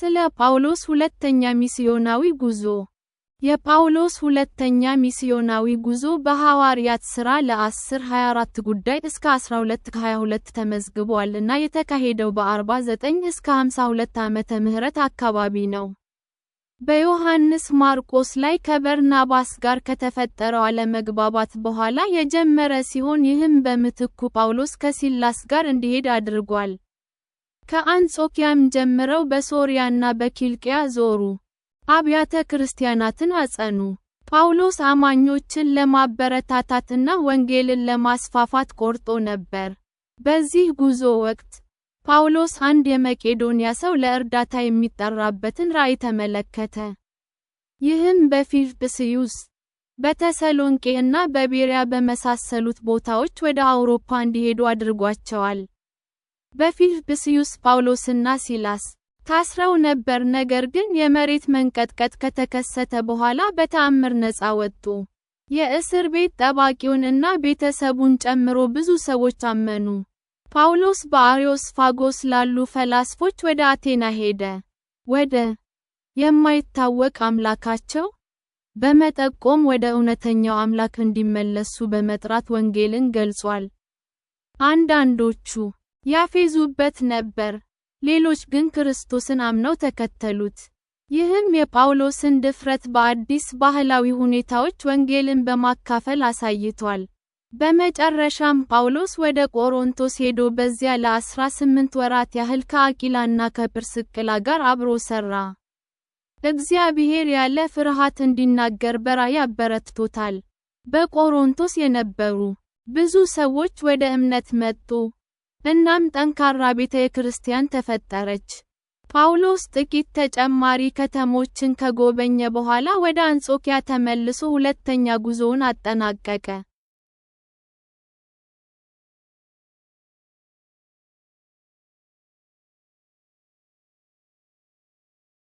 ስለ ጳውሎስ ሁለተኛ ሚስዮናዊ ጉዞ የጳውሎስ ሁለተኛ ሚስዮናዊ ጉዞ በሐዋርያት ሥራ ለ 1024 ጉዳይ እስከ 1222 ተመዝግቧል እና የተካሄደው በ49 እስከ 52 ዓመተ ምህረት አካባቢ ነው። በዮሐንስ ማርቆስ ላይ ከበርናባስ ጋር ከተፈጠረው አለመግባባት በኋላ የጀመረ ሲሆን ይህም በምትኩ ጳውሎስ ከሲላስ ጋር እንዲሄድ አድርጓል። ከአንጾኪያም ጀምረው በሶርያና በኪልቅያ ዞሩ። አብያተ ክርስቲያናትን አጸኑ። ጳውሎስ አማኞችን ለማበረታታትና ወንጌልን ለማስፋፋት ቆርጦ ነበር። በዚህ ጉዞ ወቅት ጳውሎስ አንድ የመቄዶንያ ሰው ለእርዳታ የሚጠራበትን ራእይ ተመለከተ። ይህም በፊልጵስዩስ፣ በተሰሎንቄ እና በቤርያ በመሳሰሉት ቦታዎች ወደ አውሮፓ እንዲሄዱ አድርጓቸዋል። በፊልጵስዩስ ጳውሎስና ሲላስ ታስረው ነበር ነገር ግን የመሬት መንቀጥቀጥ ከተከሰተ በኋላ በተአምር ነፃ ወጡ። የእስር ቤት ጠባቂውን እና ቤተሰቡን ጨምሮ ብዙ ሰዎች አመኑ። ጳውሎስ በአርዮስፋጎስ ላሉ ፈላስፎች ወደ አቴና ሄደ። ወደ የማይታወቅ አምላካቸው በመጠቆም ወደ እውነተኛው አምላክ እንዲመለሱ በመጥራት ወንጌልን ገልጿል። አንዳንዶቹ ያፌዙበት ነበር። ሌሎች ግን ክርስቶስን አምነው ተከተሉት። ይህም የጳውሎስን ድፍረት በአዲስ ባህላዊ ሁኔታዎች ወንጌልን በማካፈል አሳይቷል። በመጨረሻም ጳውሎስ ወደ ቆሮንቶስ ሄዶ በዚያ ለ18 ወራት ያህል ከአቂላና ከጵርስቅላ ጋር አብሮ ሠራ። እግዚአብሔር ያለ ፍርሃት እንዲናገር በራእይ አበረትቶታል። በቆሮንቶስ የነበሩ ብዙ ሰዎች ወደ እምነት መጡ። እናም ጠንካራ ቤተ ክርስቲያን ተፈጠረች። ጳውሎስ ጥቂት ተጨማሪ ከተሞችን ከጎበኘ በኋላ ወደ አንጾኪያ ተመልሶ ሁለተኛ ጉዞውን አጠናቀቀ።